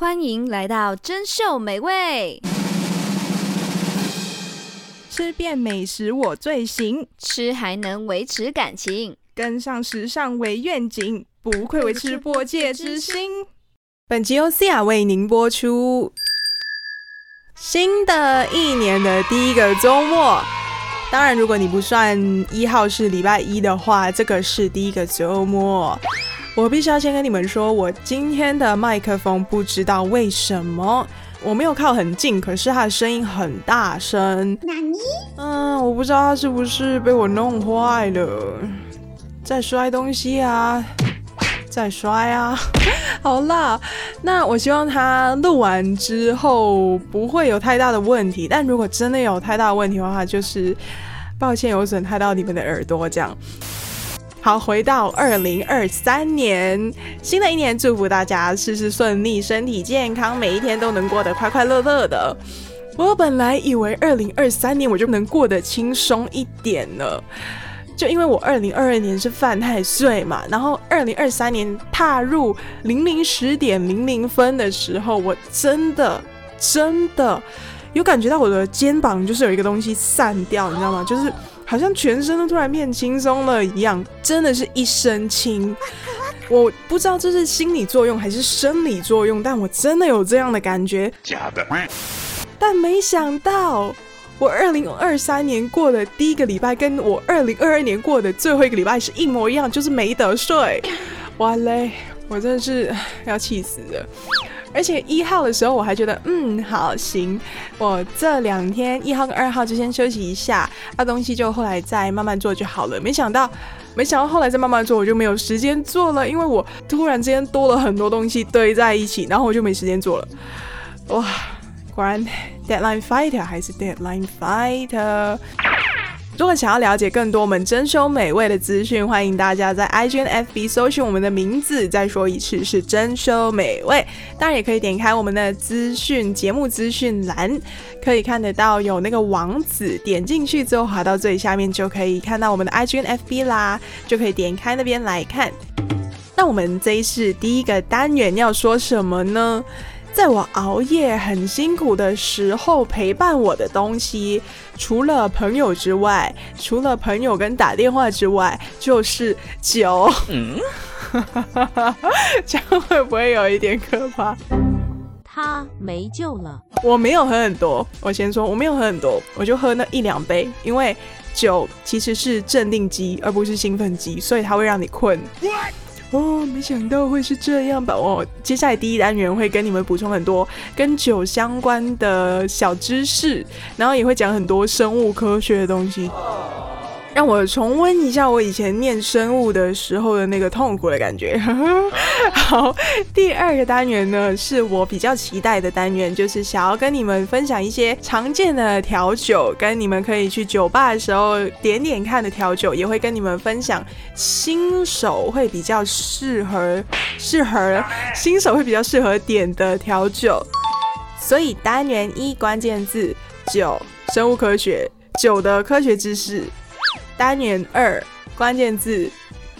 歡迎來到真秀美味，吃遍美食我最行，吃還能維持感情，跟上時尚為願景，不愧為吃播界之星。 本集由思 a 為您播出。新的一年的第一個周末，當然如果你不算一號是禮拜一的話，這個是第一個周末。我必須要先跟你們說，我今天的麥克風不知道為什麼我沒有靠很近，可是它的聲音很大聲。哪裡？嗯，我不知道它是不是被我弄壞了，在摔東西啊，在摔啊。 好啦，那我希望它錄完之後不會有太大的問題，但如果真的有太大的問題的話，就是抱歉有損害到你們的耳朵這樣。好，回到二零二三年，新的一年，祝福大家事事順利，身體健康，每一天都能過得快快樂樂的。我本來以為二零二三年我就能過得輕鬆一點了，就因為我二零二二年是犯太歲嘛，然後二零二三年踏入零零十點零零分的時候，我真的真的有感覺到我的肩膀就是有一個東西散掉，你知道嗎？就是。好像全身都突然變輕鬆了一樣，真的是一身輕。我不知道這是心理作用還是生理作用，但我真的有這樣的感覺。假的？但沒想到，我二零二三年過的第一個禮拜，跟我二零二二年過的最後一個禮拜是一模一樣，就是沒得睡。哇嘞，我真的是要氣死了。而且一號的時候我還覺得，嗯，好行，我這兩天一號跟二號就先休息一下，那東西就後來再慢慢做就好了。沒想到，沒想到後來再慢慢做，我就沒有時間做了，因為我突然之間多了很多東西堆在一起，然後我就沒時間做了。哇，果然 deadline fighter 還是 deadline fighter。如果想要了解更多我們真饈美味的資訊，歡迎大家在 IG 跟 FB 搜尋我們的名字。再說一次，是真饈美味。當然也可以點開我們的資訊節目資訊欄，可以看得到有那個網址，點進去之後滑到最下面就可以看到我們的 IG 跟 FB 啦，就可以點開那邊來看。那我們這一次第一個單元要說什麼呢？在我熬夜很辛苦的時候，陪伴我的東西，除了朋友之外，除了朋友跟打電話之外，就是酒。嗯， 這樣會不會有一點可怕？他沒救了。我沒有喝很多，我先說我沒有喝很多，我就喝那一兩杯，因為酒其實是鎮定劑而不是興奮劑，所以它會讓你困。哦，沒想到會是這樣吧？哦，接下來第一單元會跟你們補充很多跟酒相關的小知識，然後也會講很多生物科學的東西。讓我重溫一下我以前念生物的時候的那個痛苦的感覺。 好，第二個單元呢，是我比較期待的單元，就是想要跟你們分享一些常見的調酒，跟你們可以去酒吧的時候點點看的調酒，也會跟你們分享新手會比較適合、適合，新手會比較適合點的調酒。所以單元一，關鍵字，酒，生物科學，酒的科學知識。單元二，關鍵字，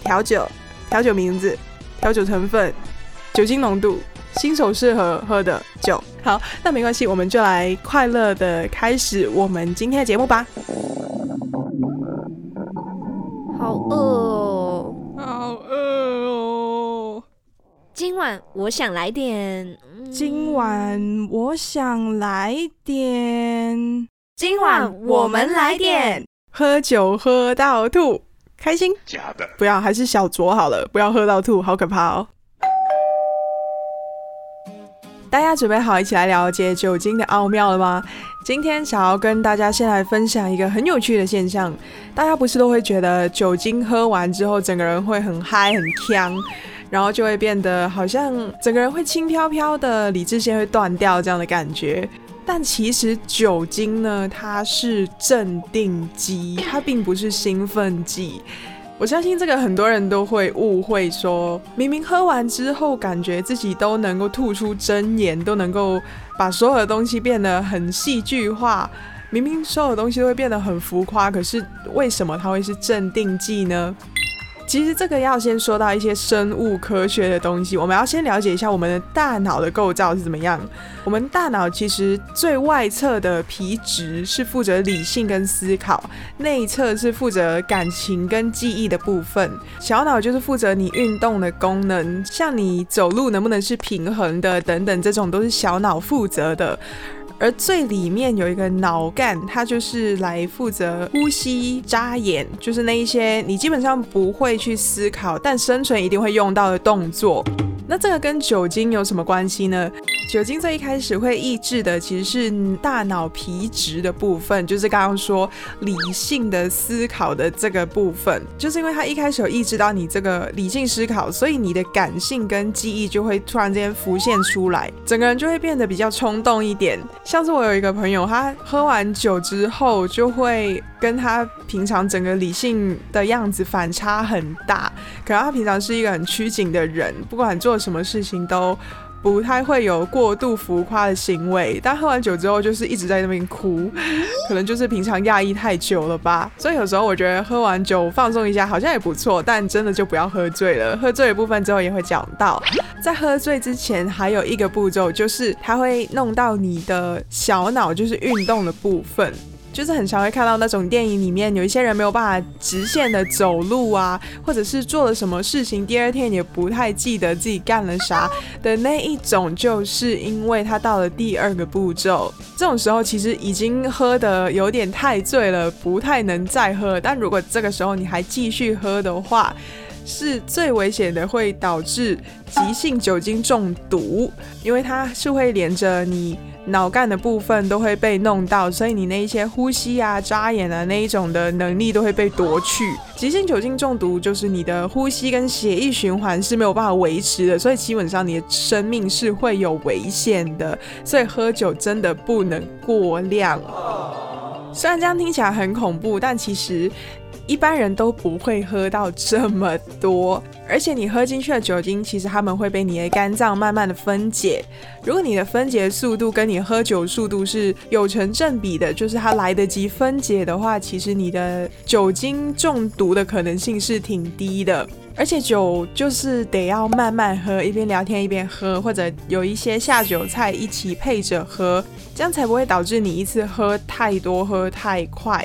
調酒，調酒名字，調酒成分，酒精濃度，新手適合喝的酒。好，那沒關係，我們就來快樂的開始我們今天的節目吧。好餓哦，好餓哦！今晚我想來點，今晚我想來點，今晚我們來點。喝酒喝到吐，開心？假的，不要，還是小酌好了，不要喝到吐，好可怕哦！ 大家準備好一起來了解酒精的奧妙了嗎？今天想要跟大家先來分享一個很有趣的現象，大家不是都會覺得酒精喝完之後，整個人會很嗨很嗆，然後就會變得好像整個人會輕飄飄的，理智線會斷掉這樣的感覺。但其實酒精呢，它是鎮定劑，它並不是興奮劑。我相信這個很多人都會誤會說，說明明喝完之後，感覺自己都能夠吐出真言，都能夠把所有的東西變得很戲劇化，明明所有的東西都會變得很浮誇，可是為什麼它會是鎮定劑呢？其實這個要先說到一些生物科學的東西，我們要先了解一下我們的大腦的構造是怎麼樣。我們大腦其實最外側的皮質是負責理性跟思考，內側是負責感情跟記憶的部分。小腦就是負責你運動的功能，像你走路能不能是平衡的等等，這種都是小腦負責的。而最裡面有一個腦幹，它就是來負責呼吸、眨眼，就是那一些你基本上不會去思考，但生存一定會用到的動作。那這個跟酒精有什麼關係呢？酒精最一開始會抑制的，其實是大腦皮質的部分，就是剛剛說理性的思考的這個部分。就是因為它一開始有抑制到你這個理性思考，所以你的感性跟記憶就會突然之間浮現出來，整個人就會變得比較衝動一點。像是我有一個朋友，他喝完酒之後就會。跟他平常整個理性的樣子反差很大，可能他平常是一個很拘謹的人，不管做什麼事情都不太會有過度浮誇的行為，但喝完酒之後就是一直在那邊哭，可能就是平常壓抑太久了吧。所以有時候我覺得喝完酒放鬆一下好像也不錯，但真的就不要喝醉了。喝醉的部分之後也會講到，在喝醉之前還有一個步驟就是他會弄到你的小腦，就是運動的部分。就是很常會看到那種電影裡面有一些人沒有辦法直線的走路啊，或者是做了什麼事情，第二天也不太記得自己幹了啥的那一種，就是因為他到了第二個步驟。這種時候其實已經喝得有點太醉了，不太能再喝。但如果這個時候你還繼續喝的話，是最危險的，會導致急性酒精中毒，因為它是會連着你。腦幹的部分都會被弄到，所以你那一些呼吸啊、眨眼啊那一種的能力都會被奪去。急性酒精中毒就是你的呼吸跟血液循環是沒有辦法維持的，所以基本上你的生命是會有危險的。所以喝酒真的不能過量。雖然這樣聽起來很恐怖，但其實。一般人都不會喝到這麼多，而且你喝進去的酒精，其實它們會被你的肝臟慢慢的分解。如果你的分解速度跟你喝酒速度是有成正比的，就是它來得及分解的話，其實你的酒精中毒的可能性是挺低的。而且酒就是得要慢慢喝，一邊聊天一邊喝，或者有一些下酒菜一起配着喝，這樣才不會導致你一次喝太多，喝太快。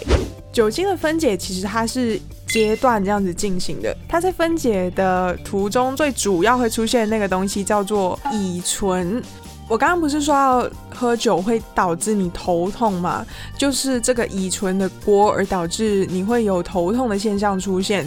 酒精的分解其實它是階段這樣子進行的，它在分解的途中最主要會出現的那個東西叫做乙醇。我剛剛不是說要喝酒會導致你頭痛嗎？就是這個乙醇的鍋而導致你會有頭痛的現象出現。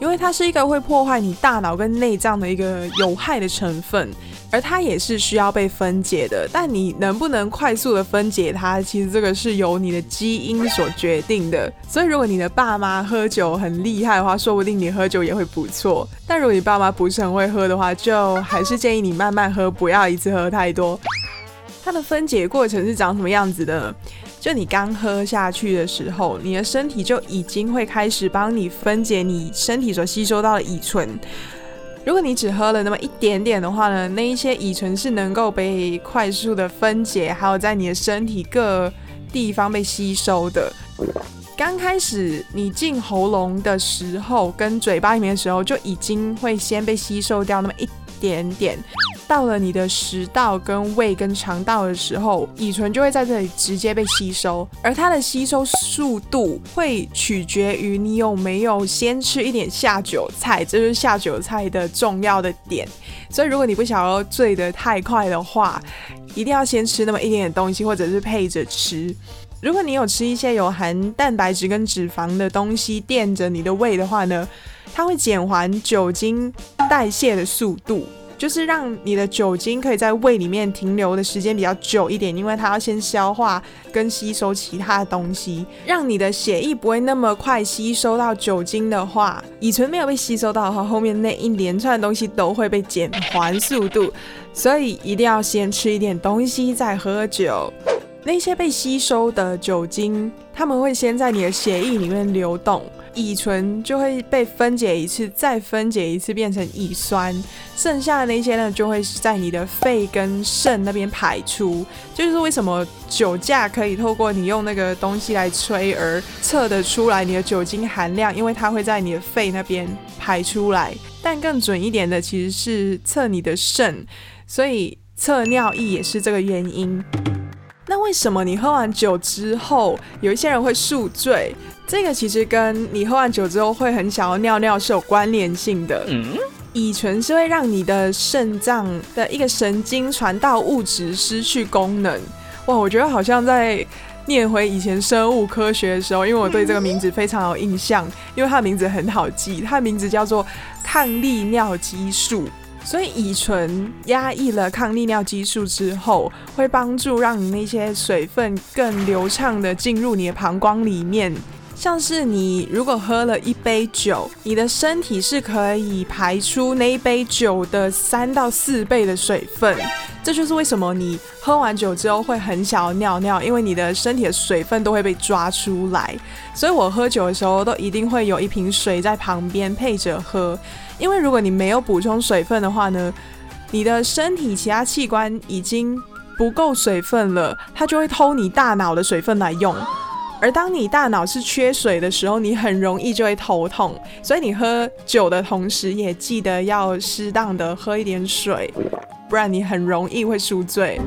因為它是一個會破壞你大腦跟內臟的一個有害的成分，而它也是需要被分解的。但你能不能快速的分解它，其實這個是由你的基因所決定的。所以如果你的爸媽喝酒很厲害的話，說不定你喝酒也會不錯。但如果你爸媽不是很會喝的話，就還是建議你慢慢喝，不要一次喝太多。它的分解過程是長什麼樣子的？就你剛喝下去的時候，你的身體就已經會開始幫你分解你身體所吸收到的乙醇。如果你只喝了那麼一點點的話呢，那一些乙醇是能夠被快速的分解，還有在你的身體各地方被吸收的。剛開始你進喉嚨的時候，跟嘴巴裡面的時候，就已經會先被吸收掉那麼一點點。到了你的食道、跟胃、跟腸道的時候，乙醇就會在這裡直接被吸收，而它的吸收速度會取決於你有沒有先吃一點下酒菜，這是下酒菜的重要的點。所以，如果你不想要醉得太快的話，一定要先吃那麼一點點東西，或者是配着吃。如果你有吃一些有含蛋白質跟脂肪的東西墊着你的胃的話呢，它會減緩酒精代謝的速度。就是讓你的酒精可以在胃裡面停留的時間比較久一點，因為它要先消化跟吸收其他的東西，讓你的血液不會那麼快吸收到酒精的話，乙醇沒有被吸收到的話，後面那一連串的東西都會被減緩速度，所以一定要先吃一點東西再喝酒。那些被吸收的酒精，它們會先在你的血液裡面流動。乙醇就會被分解一次，再分解一次變成乙酸，剩下的那些呢就會在你的肺跟腎那邊排出。就是為什麼酒駕可以透過你用那個東西來吹而測得出來你的酒精含量，因為它會在你的肺那邊排出來。但更準一點的其實是測你的腎，所以測尿液也是這個原因。那為什麼你喝完酒之後有一些人會宿醉？這個其實跟你喝完酒之後會很想要尿尿是有關聯性的。嗯，乙醇是會讓你的腎臟的一個神經傳導物質失去功能。哇，我覺得好像在念回以前生物科學的時候，因為我對這個名字非常有印象，因為它的名字很好記，它的名字叫做抗利尿激素。所以乙醇壓抑了抗利尿激素之後，會幫助讓你那些水分更流暢地進入你的膀胱裡面。像是你如果喝了一杯酒，你的身體是可以排出那一杯酒的三到四倍的水分，這就是為什麼你喝完酒之後會很想要尿尿，因為你的身體的水分都會被抓出來。所以我喝酒的時候都一定會有一瓶水在旁邊配着喝，因為如果你沒有補充水分的話呢，你的身體其他器官已經不夠水分了，它就會偷你大腦的水分來用。而當你大腦是缺水的時候，你很容易就會頭痛。所以你喝酒的同時，也記得要適當的喝一點水，不然你很容易會宿醉。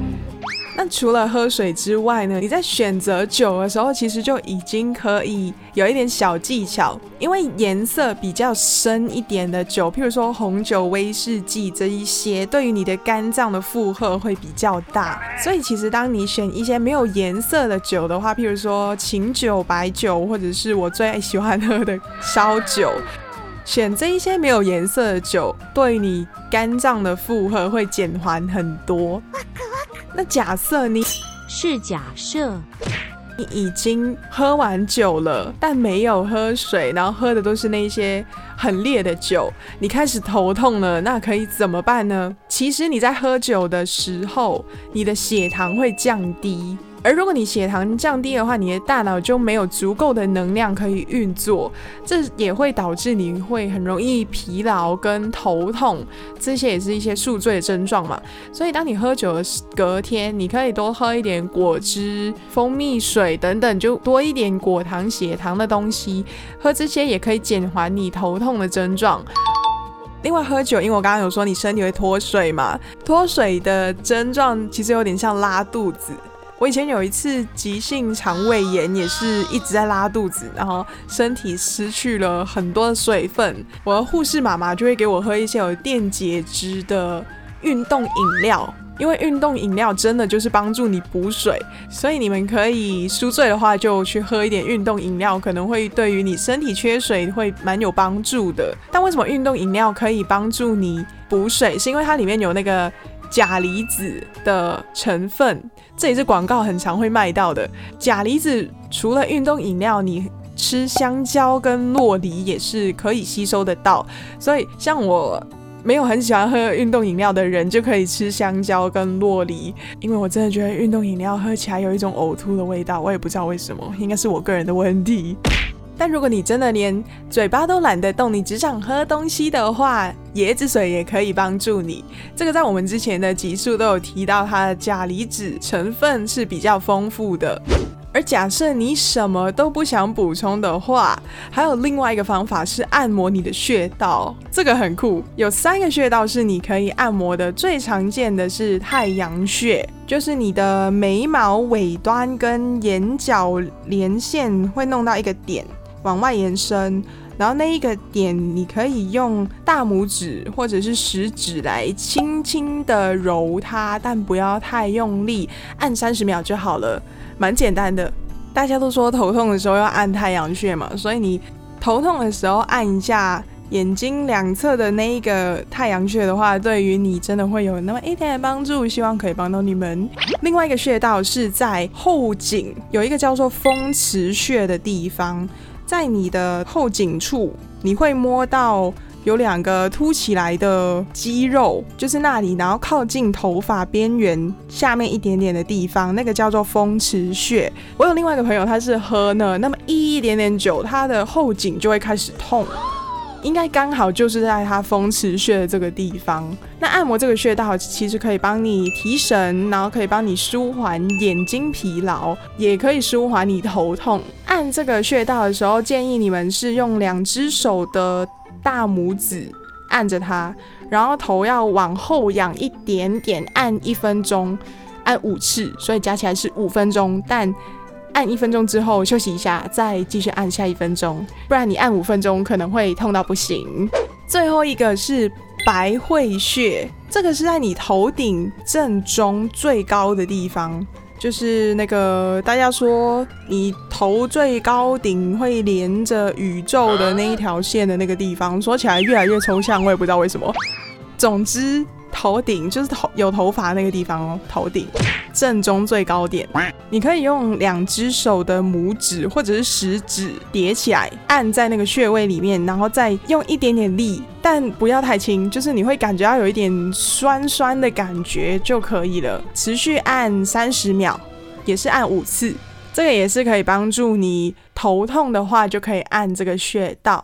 那除了喝水之外呢？你在選擇酒的時候，其實就已經可以有一點小技巧。因為顏色比較深一點的酒，譬如說紅酒、威士忌這一些，對於你的肝臟的負荷會比較大。所以其實當你選一些沒有顏色的酒的話，譬如說清酒、白酒，或者是我最喜歡喝的燒酒，選這一些沒有顏色的酒，對你肝臟的負荷會減緩很多。哇哭哇哭那假設你是假設你已經喝完酒了，但沒有喝水，然後喝的都是那些很烈的酒，你開始頭痛了，那可以怎麼辦呢？其實你在喝酒的時候，你的血糖會降低。而如果你血糖降低的話，你的大腦就沒有足夠的能量可以運作，這也會導致你會很容易疲勞跟頭痛，這些也是一些宿醉的症狀嘛。所以當你喝酒的隔天，你可以多喝一點果汁、蜂蜜水等等，就多一點果糖、血糖的東西，喝這些也可以減緩你頭痛的症狀。另外，喝酒因為我剛剛有說你身體會脫水嘛，脫水的症狀其實有點像拉肚子。我以前有一次急性腸胃炎，也是一直在拉肚子，然後身體失去了很多的水分。我的護士媽媽就會給我喝一些有電解質的運動飲料，因為運動飲料真的就是幫助你補水。所以你們可以宿醉的話，就去喝一點運動飲料，可能會對於你身體缺水會蠻有幫助的。但為什麼運動飲料可以幫助你補水？是因為它裡面有那個。鉀離子的成分，這也是廣告很常會賣到的。鉀離子除了運動飲料，你吃香蕉跟酪梨也是可以吸收得到。所以像我沒有很喜歡喝運動飲料的人，就可以吃香蕉跟酪梨，因為我真的覺得運動飲料喝起來有一種嘔吐的味道，我也不知道為什麼，應該是我個人的問題。但如果你真的連嘴巴都懶得動，你只想喝東西的話，椰子水也可以幫助你。這個在我們之前的集數都有提到，它的鉀離子成分是比較豐富的。而假設你什麼都不想補充的話，還有另外一個方法是按摩你的穴道，這個很酷。有三個穴道是你可以按摩的，最常見的是太陽穴，就是你的眉毛尾端跟眼角連線會弄到一個點往外延伸，然後那一個點，你可以用大拇指或者是食指來輕輕的揉它，但不要太用力，按三十秒就好了，蠻簡單的。大家都說頭痛的時候要按太陽穴嘛，所以你頭痛的時候按一下眼睛兩側的那一個太陽穴的話，對於你真的會有那麼一點的幫助。希望可以幫到你們。另外一個穴道是在後頸，有一個叫做風池穴的地方。在你的後頸處，你會摸到有兩個凸起來的肌肉，就是那裡，然後靠近頭髮邊緣下面一點點的地方，那個叫做風池穴。我有另外一個朋友，他是喝呢，那麼一一點點酒，他的後頸就會開始痛。應該剛好就是在他風池穴的這個地方。那按摩這個穴道，其實可以幫你提神，然後可以幫你舒緩眼睛疲勞，也可以舒緩你頭痛。按這個穴道的時候，建議你們是用兩隻手的大拇指按着它，然後頭要往後仰一點點，按一分鐘，按五次，所以加起來是五分鐘。但按一分鐘之後休息一下，再繼續按下一分鐘，不然你按五分鐘可能會痛到不行。最後一個是百會穴，這個是在你頭頂正中最高的地方，就是那個大家說你頭最高頂會連着宇宙的那一條線的那個地方。說起來越來越抽象，我也不知道為什麼。總之。頭頂就是頭有頭髮那個地方哦，頭頂正中最高點。你可以用兩隻手的拇指或者是食指疊起來，按在那個穴位裡面，然後再用一點點力，但不要太輕，就是你會感覺到有一點酸酸的感覺就可以了。持續按三十秒，也是按五次，這個也是可以幫助你頭痛的話，就可以按這個穴道。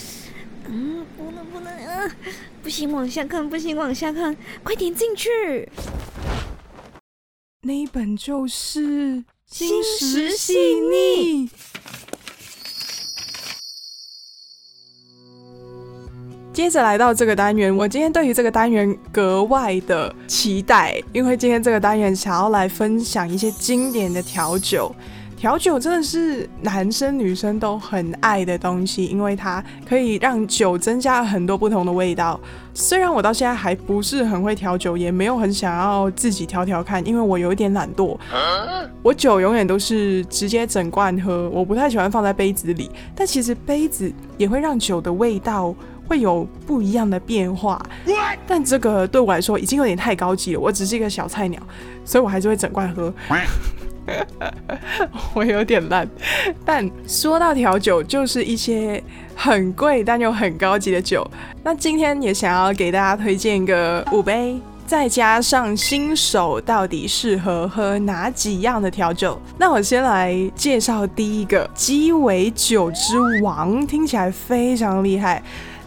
嗯，不能不能，啊、不行，往下看，不行，往下看，快點進去。那一本就是心食細膩。細膩，接着來到這個單元，我今天對於這個單元格外的期待，因為今天這個單元想要來分享一些經典的調酒。調酒真的是男生女生都很愛的東西，因為它可以讓酒增加很多不同的味道。雖然我到現在還不是很會調酒，也沒有很想要自己調調看，因為我有一點懶惰。啊、我酒永遠都是直接整罐喝，我不太喜歡放在杯子裡。但其實杯子也會讓酒的味道會有不一樣的變化。什麼？但這個對我來說已經有點太高級了，我只是一個小菜鳥，所以我還是會整罐喝。 我有點爛，但說到調酒，就是一些很貴但又很高級的酒。那今天也想要給大家推薦一個五杯，再加上新手到底適合喝哪幾樣的調酒。那我先來介紹第一個雞尾酒之王，聽起來非常厲害。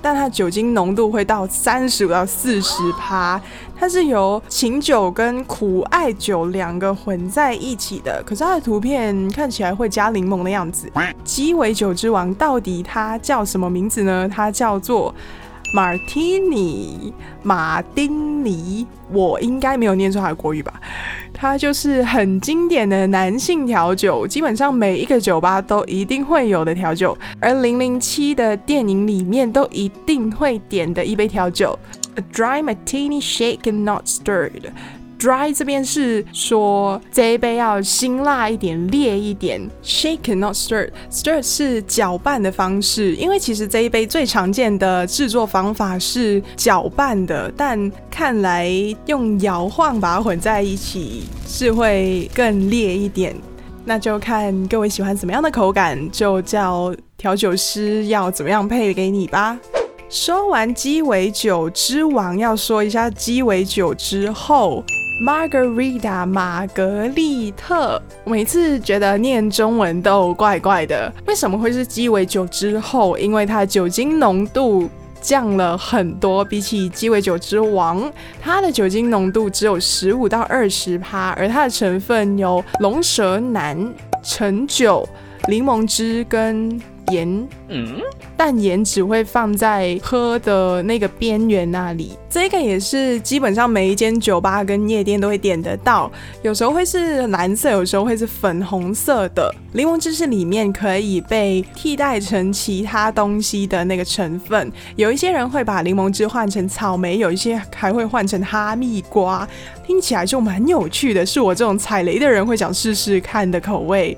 但它酒精濃度會到三十五到四十趴，它是由琴酒跟苦艾酒兩個混在一起的。可是它的圖片看起來會加檸檬的樣子，雞尾酒之王到底它叫什麼名字呢？它叫做。馬提尼，馬丁尼，我應該沒有念錯它的國語吧？它就是很經典的男性調酒，基本上每一個酒吧都一定會有的調酒，而零零七的電影裡面都一定會點的一杯調酒，A Dry Martini Shake and Not Stirred。dry 這邊是說這一杯要辛辣一點、烈一點。Shake and not stir，stir 是攪拌的方式，因為其實這一杯最常見的制作方法是攪拌的。但看來用搖晃把它混在一起是會更烈一點。那就看各位喜歡怎麼樣的口感，就叫調酒師要怎麼樣配給你吧。說完雞尾酒之王，要說一下雞尾酒之後。瑪格麗 a 瑪格麗特。每次覺得念中文都怪怪的，為什麼會是雞尾酒之後？因為它的酒精濃度降了很多，比起雞尾酒之王，它的酒精濃度只有十五到二十趴，而它的成分有龍舌蘭、橙酒、檸檬汁跟。鹽，嗯，但鹽只會放在喝的那個邊緣那裡。這個也是基本上每一間酒吧跟夜店都會點得到，有時候會是藍色，有時候會是粉紅色的。檸檬汁是裡面可以被替代成其他東西的那個成分。有一些人會把檸檬汁換成草莓，有一些還會換成哈密瓜。聽起來就蠻有趣的，是我這種踩雷的人會想試試看的口味。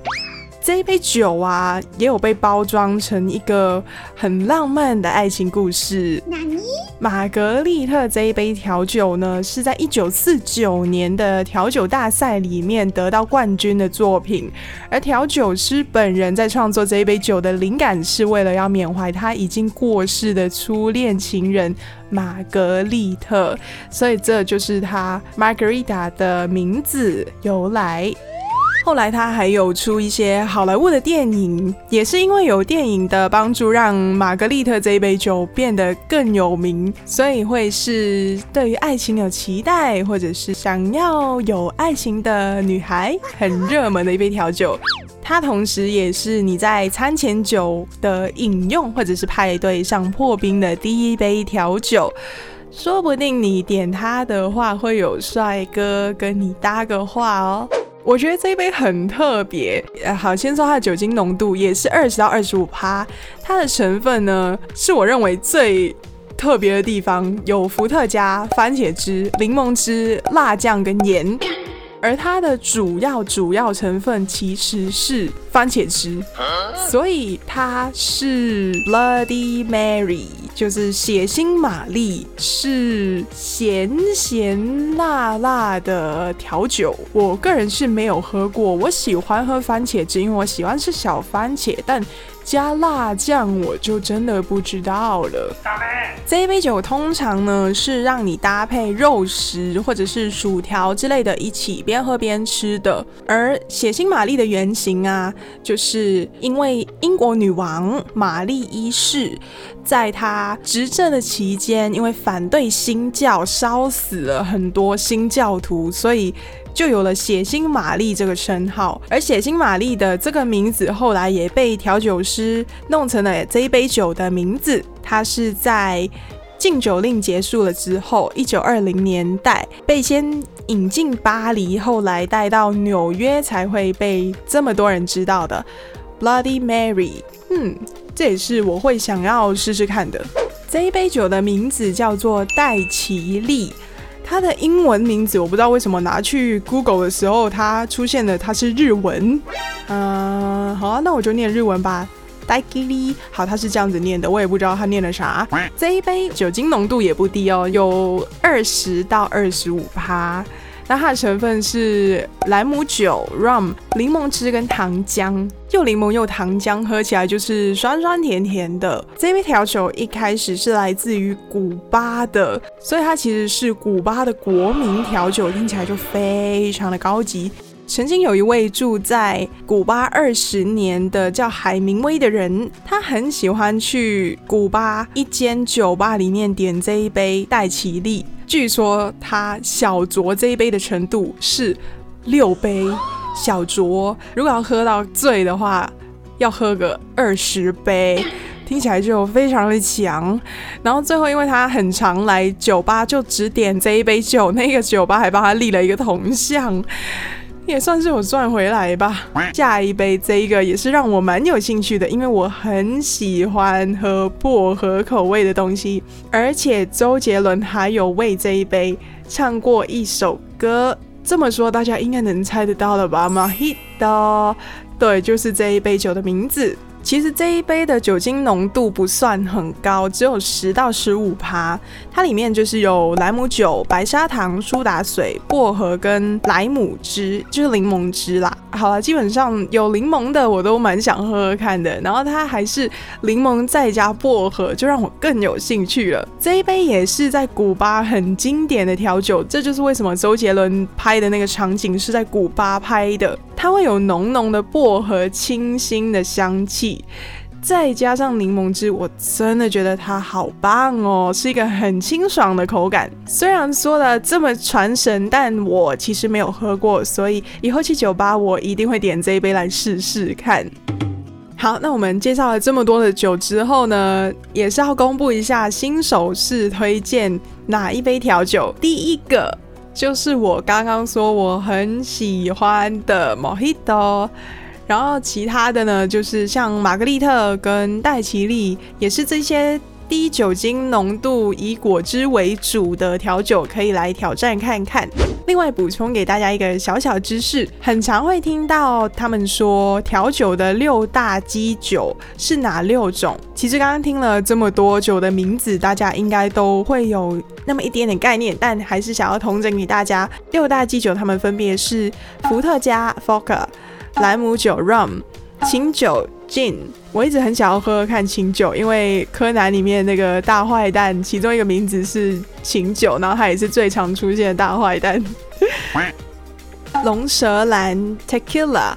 這一杯酒啊，也有被包裝成一個很浪漫的愛情故事。哪裡？瑪格麗特這一杯調酒呢，是在一九四九年的調酒大賽裡面得到冠軍的作品。而調酒師本人在創作這一杯酒的靈感，是為了要緬懷他已經過世的初戀情人瑪格麗特。所以這就是他 Margarita 的名字由來。後來他還有出一些好萊塢的電影，也是因為有電影的幫助，讓瑪格麗特這一杯酒變得更有名，所以會是對於愛情有期待或者是想要有愛情的女孩很熱門的一杯調酒。它同時也是你在餐前酒的飲用或者是派對上破冰的第一杯調酒，說不定你點它的話，會有帥哥跟你搭個話哦。我覺得這一杯很特別。呃，好，先說它的酒精濃度也是二十到二十五趴。它的成分呢，是我認為最特別的地方，有伏特加、番茄汁、檸檬汁、辣醬跟鹽。而它的主要主要成分其實是番茄汁，Huh? 所以它是 Bloody Mary。就是血腥瑪麗是鹹鹹辣辣的調酒，我個人是沒有喝過。我喜歡喝番茄汁，因為我喜歡吃小番茄，但。加辣醬，我就真的不知道了。這一杯酒通常呢，是讓你搭配肉食或者是薯條之類的一起邊喝邊吃的。而血腥瑪麗的原型啊，就是因為英國女王瑪麗一世在她執政的期間，因為反對新教，燒死了很多新教徒，所以。就有了血腥瑪麗這個稱號，而血腥瑪麗的這個名字後來也被調酒師弄成了這一杯酒的名字。它是在禁酒令結束了之後，一九二零年代被先引進巴黎，後來帶到紐約才會被這麼多人知道的。Bloody Mary，嗯，這也是我會想要試試看的。這一杯酒的名字叫做黛奇麗。它的英文名字我不知道為什麼拿去 Google 的時候，它出現的，它是日文。嗯、呃，好啊，那我就念日文吧。Daikiri 好，它是這樣子念的，我也不知道它念了啥。這一杯酒精濃度也不低哦，有二十到二十五趴。那它的成分是蘭姆酒、rum、檸檬汁跟糖漿，又檸檬又糖漿，喝起來就是酸酸甜甜的。這杯調酒一開始是來自於古巴的，所以它其實是古巴的國民調酒，聽起來就非常的高級。曾經有一位住在古巴二十年的叫海明威的人，他很喜歡去古巴一間酒吧裡面點這一杯戴奇力。據說他小酌這一杯的程度，是六杯小酌，如果要喝到醉的話，要喝個二十杯，聽起來就非常的強。然後最後，因為他很常來酒吧，就只點這一杯酒，那個酒吧還幫他立了一個銅像。也算是我賺回來吧。下一杯這一個也是讓我蠻有興趣的，因為我很喜歡喝薄荷口味的東西，而且周杰倫還有為這一杯唱過一首歌。這麼說大家應該能猜得到了吧？Mojito，對，就是這一杯酒的名字。其實這一杯的酒精濃度不算很高，只有十到十五趴。它裡面就是有萊姆酒、白砂糖、蘇打水、薄荷跟萊姆汁，就是檸檬汁啦。好啦，基本上有檸檬的我都蠻想喝喝看的。然後它還是檸檬再加薄荷，就讓我更有興趣了。這一杯也是在古巴很經典的調酒，這就是為什麼周杰倫拍的那個場景是在古巴拍的。它會有濃濃的薄荷清新的香氣，再加上檸檬汁，我真的覺得它好棒哦，是一個很清爽的口感。雖然說了這麼傳神，但我其實沒有喝過，所以以後去酒吧我一定會點這一杯來試試看。好，那我們介紹了這麼多的酒之後呢，也是要公布一下新手是推薦哪一杯調酒。第一個。就是我剛剛說我很喜歡的 Mojito，然後其他的呢，就是像瑪格麗特跟黛奇麗，也是這些低酒精濃度、以果汁為主的調酒，可以來挑戰看看。另外補充給大家一個小小知識，很常會聽到他們說調酒的六大基酒是哪六種？其實剛剛聽了這麼多酒的名字，大家應該都會有那麼一點點概念，但還是想要同整給大家。六大基酒他們分別是伏特加 f o d k a 萊姆酒 （Rum）、清酒 （Gin）。我一直很想要喝，喝看琴酒，因為柯南裡面那個大壞蛋其中一個名字是琴酒，然後他也是最常出現的大壞蛋。 喂龍舌蘭 Tequila、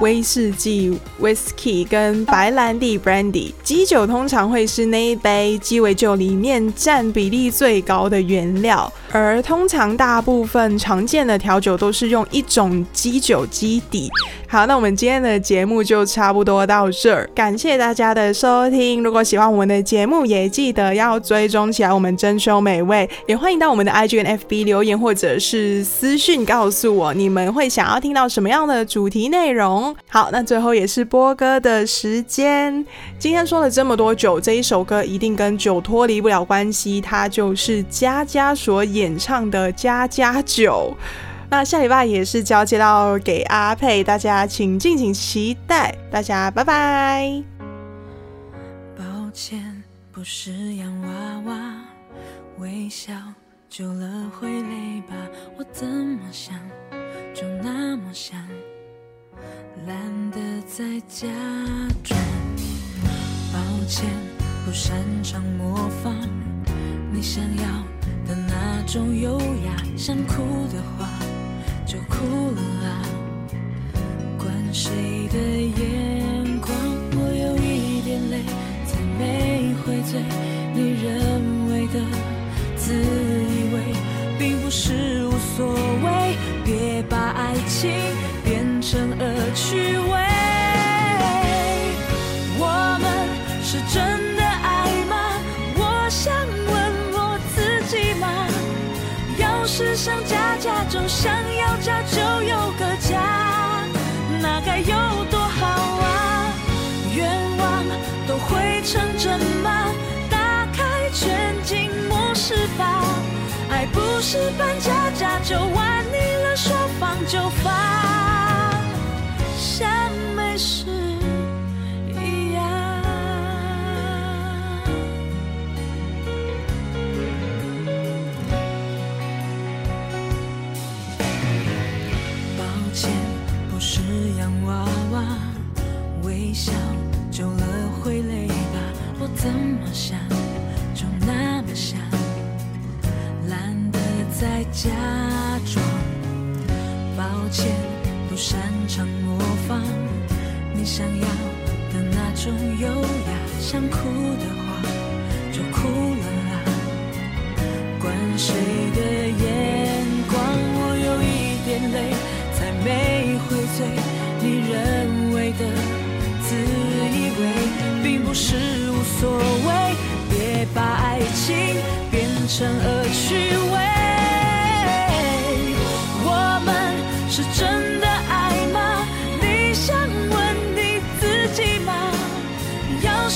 威士忌 Whisky 跟白蘭地 Brandy，基酒通常會是那一杯雞尾酒裡面占比例最高的原料。而通常大部分常見的調酒都是用一種基酒基底。好，那我們今天的節目就差不多到這兒，感謝大家的收聽。如果喜歡我們的節目，也記得要追蹤起來。我們珍饈美味也歡迎到我們的 IG 和 FB 留言或者是私訊告訴我你們會想要聽到什麼樣的主題內容。好，那最後也是播歌的時間，今天說了這麼多酒，這一首歌一定跟酒脫離不了關係，它就是家家所演演唱的《家家酒》，那下禮拜也是交接到給阿佩，大家請敬請期待，大家拜拜。抱歉，不是洋娃娃，微笑久了會累吧？我怎麼想就那麼想，懶得再假裝。抱歉，不擅長模仿，你想要。的那種優雅，想哭的話就哭了啊！管誰的眼光，我有一點累，再沒回嘴。你認為的自以為，並不是無所謂。想要家就有個家，那該有多好啊！願望都會成真嗎？打開全景模式吧，愛不是扮家家酒啊。